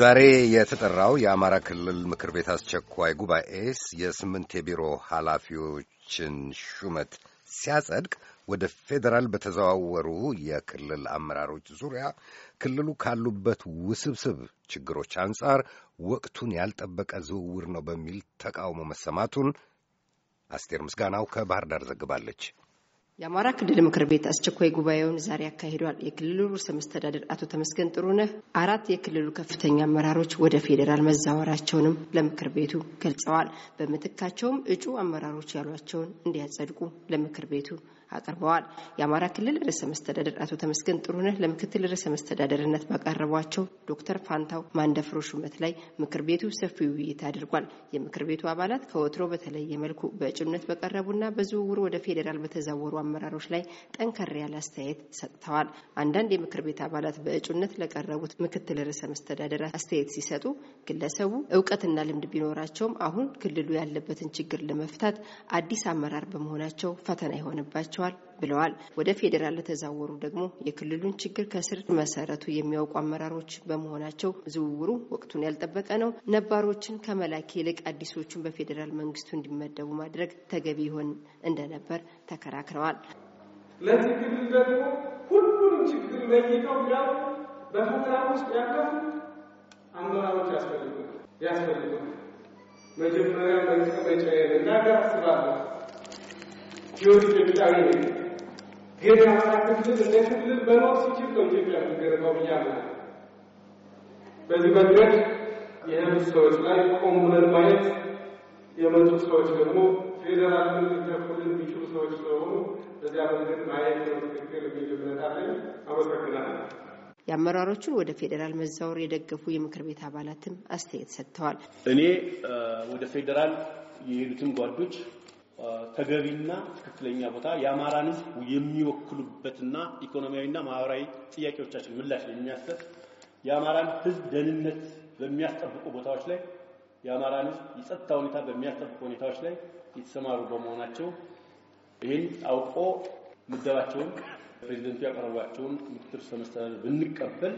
ዛሬ የተጠራው የአማራ ክልል ምክር ቤት አስቸኳይ ጉባኤ የስምንት የቢሮ ኃላፊዎችን ሹመት ሲያጸድቅ ወደ ፌዴራል በተዘዋወሩ የክልል አመራሮች ዙሪያ ክልሉ ካሉበት ውስብስብ ችግሮች አንጻር ወቅቱን ያልጠበቀ ዝውውር ነው በሚል ተቃውሞ መሰማቱን አስቴር ምስጋናው ከባህር ዳር ዘግባለች። የአማራ ክልል ምክር ቤት አስቸኳይ ጉባኤውን ዛሬ አካሂዷል። የክልሉ ርዕሰ መስተዳደር አቶ ተመስገን ጥሩነህ አራት የክልሉ ከፍተኛ አመራሮች ወደ ፌዴራል መዛወራቸውንም ለምክር ቤቱ ገልጸዋል። በምትካቸውም እጩ አመራሮች ያሏቸውን እንዲያጸድቁ ለምክር ቤቱ አቅርበዋል። የአማራ ክልል ርዕሰ መስተዳደር አቶ ተመስገን ጥሩነህ ለምክትል ርዕሰ መስተዳደርነት ባቀረቧቸው ዶክተር ፋንታው ማንደፍሮ ሹመት ላይ ምክር ቤቱ ሰፊ ውይይት አድርጓል። የምክር ቤቱ አባላት ከወትሮ በተለየ መልኩ በእጩነት በቀረቡና በዝውውር ወደ ፌዴራል በተዛወሩ አመራሮች ላይ ጠንከር ያለ አስተያየት ሰጥተዋል። አንዳንድ የምክር ቤት አባላት በእጩነት ለቀረቡት ምክትል ርዕሰ መስተዳደር አስተያየት ሲሰጡ ግለሰቡ እውቀትና ልምድ ቢኖራቸውም አሁን ክልሉ ያለበትን ችግር ለመፍታት አዲስ አመራር በመሆናቸው ፈተና የሆነባቸው ተሰርቷል ብለዋል። ወደ ፌዴራል ለተዛወሩ ደግሞ የክልሉን ችግር ከስር መሰረቱ የሚያውቁ አመራሮች በመሆናቸው ዝውውሩ ወቅቱን ያልጠበቀ ነው፣ ነባሮችን ከመላክ ይልቅ አዲሶቹን በፌዴራል መንግስቱ እንዲመደቡ ማድረግ ተገቢ ይሆን እንደነበር ተከራክረዋል። ለዚህ ክልል ደግሞ ሁሉም ችግር ለይተው ያሉ በፈተና ውስጥ ያለው አመራሮች ያስፈልጉ ያስፈልጉ መጀመሪያ መንቀመጫ የምናገር አስባለሁ ህይወቱ ድምጣዊ ነው። ግን የአማራ ክልል እንደ ክልል መኖር ሲችል ነው ኢትዮጵያ የምትገነባው ብያለሁ። በዚህ መንገድ የህዝብ ሰዎች ላይ ቆም ብለን ማየት የመጡት ሰዎች ደግሞ ፌዴራልን ሊተኩልን የሚችሉ ሰዎች ስለሆኑ በዚያ መንገድ ማየት ነው ትክክል የሚል እምነት አለኝ። አመሰግናለሁ። የአመራሮቹን ወደ ፌዴራል መዛወር የደገፉ የምክር ቤት አባላትም አስተያየት ሰጥተዋል። እኔ ወደ ፌዴራል የሄዱትን ጓዶች ተገቢና ትክክለኛ ቦታ የአማራን ህዝብ የሚወክሉበትና ኢኮኖሚያዊና ማህበራዊ ጥያቄዎቻችን ምላሽ የሚያሰጥ የአማራን ህዝብ ደህንነት በሚያስጠብቁ ቦታዎች ላይ የአማራን ህዝብ የጸጥታ ሁኔታ በሚያስጠብቁ ሁኔታዎች ላይ የተሰማሩ በመሆናቸው ይህን አውቆ ምደባቸውን ፕሬዚደንቱ ያቀረቧቸውን ምክትል መስተዳድር ብንቀበል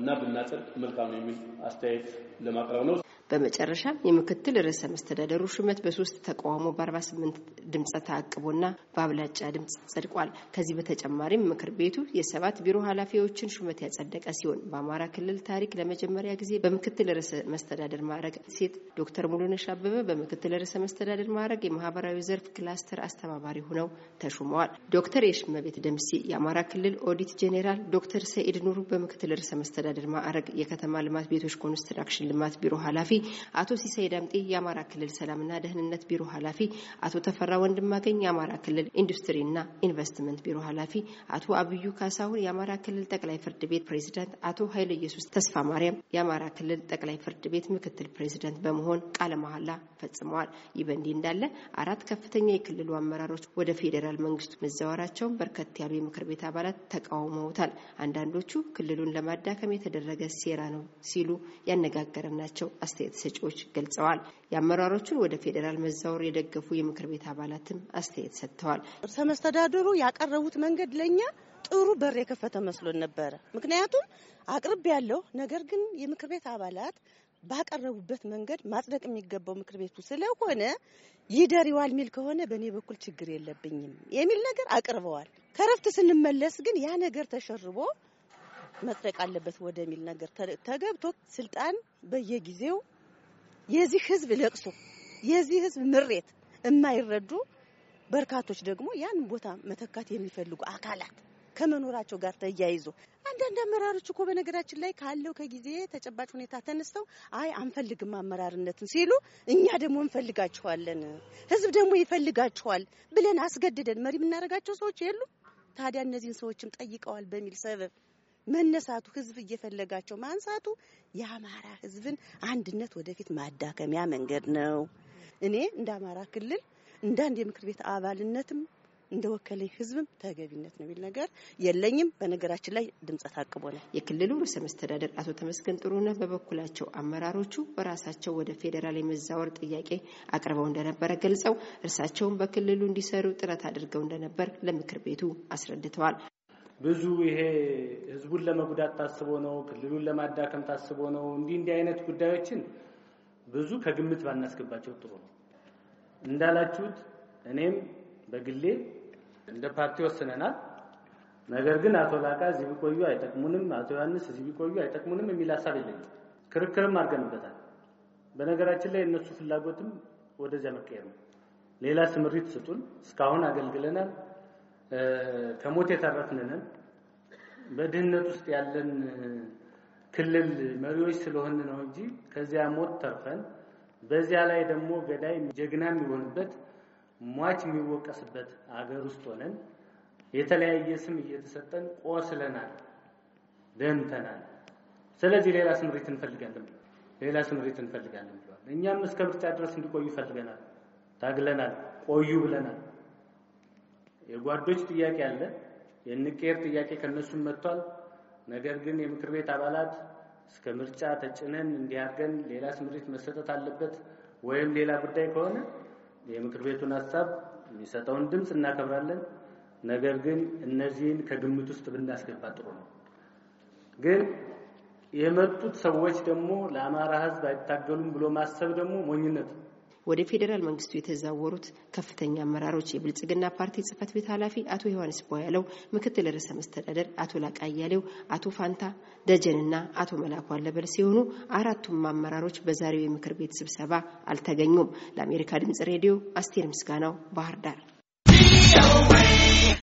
እና ብናጽድቅ መልካም ነው የሚል አስተያየት ለማቅረብ ነው። በመጨረሻ የምክትል ርዕሰ መስተዳደሩ ሹመት በሶስት ተቃውሞ በ48 ድምፀ ተአቅቦና በአብላጫ ድምፅ ጸድቋል። ከዚህ በተጨማሪም ምክር ቤቱ የሰባት ቢሮ ኃላፊዎችን ሹመት ያጸደቀ ሲሆን በአማራ ክልል ታሪክ ለመጀመሪያ ጊዜ በምክትል ርዕሰ መስተዳደር ማዕረግ ሴት ዶክተር ሙሉነሽ አበበ በምክትል ርዕሰ መስተዳደር ማዕረግ የማህበራዊ ዘርፍ ክላስተር አስተባባሪ ሆነው ተሹመዋል። ዶክተር የሽመቤት ደምሴ የአማራ ክልል ኦዲት ጄኔራል፣ ዶክተር ሰኢድ ኑሩ በምክትል ርዕሰ መስተዳደር ማዕረግ የከተማ ልማት ቤቶች ኮንስትራክሽን ልማት ቢሮ ኃላፊ አቶ ሲሳይ ዳምጤ የአማራ ክልል ሰላምና ደህንነት ቢሮ ኃላፊ፣ አቶ ተፈራ ወንድማገኝ የአማራ ክልል ኢንዱስትሪና ኢንቨስትመንት ቢሮ ኃላፊ፣ አቶ አብዩ ካሳሁን የአማራ ክልል ጠቅላይ ፍርድ ቤት ፕሬዝዳንት፣ አቶ ኃይለ ኢየሱስ ተስፋ ማርያም የአማራ ክልል ጠቅላይ ፍርድ ቤት ምክትል ፕሬዝዳንት በመሆን ቃለ መሐላ ፈጽመዋል። ይህ በእንዲህ እንዳለ አራት ከፍተኛ የክልሉ አመራሮች ወደ ፌዴራል መንግስቱ መዛወራቸውን በርከት ያሉ የምክር ቤት አባላት ተቃውመውታል። አንዳንዶቹ ክልሉን ለማዳከም የተደረገ ሴራ ነው ሲሉ ያነጋገርናቸው አስተያየት አስተያየት ሰጪዎች ገልጸዋል። የአመራሮቹን ወደ ፌዴራል መዛወር የደገፉ የምክር ቤት አባላትም አስተያየት ሰጥተዋል። ርዕሰ መስተዳድሩ ያቀረቡት መንገድ ለእኛ ጥሩ በር የከፈተ መስሎን ነበረ። ምክንያቱም አቅርብ ያለው ነገር ግን የምክር ቤት አባላት ባቀረቡበት መንገድ ማጽደቅ የሚገባው ምክር ቤቱ ስለሆነ ይደሪዋል ሚል ከሆነ በእኔ በኩል ችግር የለብኝም የሚል ነገር አቅርበዋል። ከረፍት ስንመለስ ግን ያ ነገር ተሸርቦ መጽደቅ አለበት ወደሚል ነገር ተገብቶ ስልጣን በየጊዜው የዚህ ህዝብ ለቅሶ፣ የዚህ ህዝብ ምሬት የማይረዱ በርካቶች ደግሞ ያን ቦታ መተካት የሚፈልጉ አካላት ከመኖራቸው ጋር ተያይዞ አንዳንድ አመራሮች እኮ በነገራችን ላይ ካለው ከጊዜ ተጨባጭ ሁኔታ ተነስተው አይ አንፈልግም አመራርነትን ሲሉ፣ እኛ ደግሞ እንፈልጋቸዋለን ህዝብ ደግሞ ይፈልጋቸዋል ብለን አስገድደን መሪ የምናደርጋቸው ሰዎች የሉም። ታዲያ እነዚህን ሰዎችም ጠይቀዋል በሚል ሰበብ መነሳቱ ህዝብ እየፈለጋቸው ማንሳቱ የአማራ ህዝብን አንድነት ወደፊት ማዳከሚያ መንገድ ነው። እኔ እንደ አማራ ክልል እንደ አንድ የምክር ቤት አባልነትም እንደ ወከለኝ ህዝብም ተገቢነት ነው የሚል ነገር የለኝም። በነገራችን ላይ ድምጸ ታቅቦ የክልሉ ርዕሰ መስተዳደር አቶ ተመስገን ጥሩነህ በበኩላቸው አመራሮቹ በራሳቸው ወደ ፌዴራል የመዛወር ጥያቄ አቅርበው እንደነበረ ገልጸው እርሳቸውን በክልሉ እንዲሰሩ ጥረት አድርገው እንደነበር ለምክር ቤቱ አስረድተዋል። ብዙ ይሄ ህዝቡን ለመጉዳት ታስቦ ነው፣ ክልሉን ለማዳከም ታስቦ ነው። እንዲህ እንዲህ አይነት ጉዳዮችን ብዙ ከግምት ባናስገባቸው ጥሩ ነው። እንዳላችሁት እኔም በግሌ እንደ ፓርቲ ወስነናል። ነገር ግን አቶ ላቃ እዚህ ቢቆዩ አይጠቅሙንም፣ አቶ ዮሐንስ እዚህ ቢቆዩ አይጠቅሙንም የሚል ሀሳብ የለኝም። ክርክርም አድርገንበታል። በነገራችን ላይ እነሱ ፍላጎትም ወደዚያ መቀየር ነው። ሌላ ስምሪት ስጡን። እስካሁን አገልግለናል። ከሞት የተረፍንን በድህነት ውስጥ ያለን ክልል መሪዎች ስለሆን ነው እንጂ ከዚያ ሞት ተርፈን በዚያ ላይ ደግሞ ገዳይ ጀግና የሚሆንበት ሟች የሚወቀስበት አገር ውስጥ ሆነን የተለያየ ስም እየተሰጠን ቆስለናል፣ ደምተናል። ስለዚህ ሌላ ስምሪት እንፈልጋለን፣ ሌላ ስምሪት እንፈልጋለን ብለዋል። እኛም እስከ ምርጫ ድረስ እንዲቆዩ ፈልገናል ታግለናል፣ ቆዩ ብለናል። የጓዶች ጥያቄ አለ። የንቄር ጥያቄ ከነሱም መጥቷል። ነገር ግን የምክር ቤት አባላት እስከ ምርጫ ተጭነን እንዲያርገን ሌላ ስምሪት መሰጠት አለበት ወይም ሌላ ጉዳይ ከሆነ የምክር ቤቱን ሀሳብ የሚሰጠውን ድምፅ እናከብራለን። ነገር ግን እነዚህን ከግምት ውስጥ ብናስገባ ጥሩ ነው። ግን የመጡት ሰዎች ደግሞ ለአማራ ሕዝብ አይታገሉም ብሎ ማሰብ ደግሞ ሞኝነት ነው። ወደ ፌዴራል መንግስቱ የተዛወሩት ከፍተኛ አመራሮች የብልጽግና ፓርቲ ጽህፈት ቤት ኃላፊ አቶ ዮሐንስ ያለው ምክትል ርዕሰ መስተዳደር አቶ ላቃ አያሌው፣ አቶ ፋንታ ደጀንና አቶ መላኩ አለበል ሲሆኑ አራቱም አመራሮች በዛሬው የምክር ቤት ስብሰባ አልተገኙም። ለአሜሪካ ድምጽ ሬዲዮ አስቴር ምስጋናው ባህር ዳር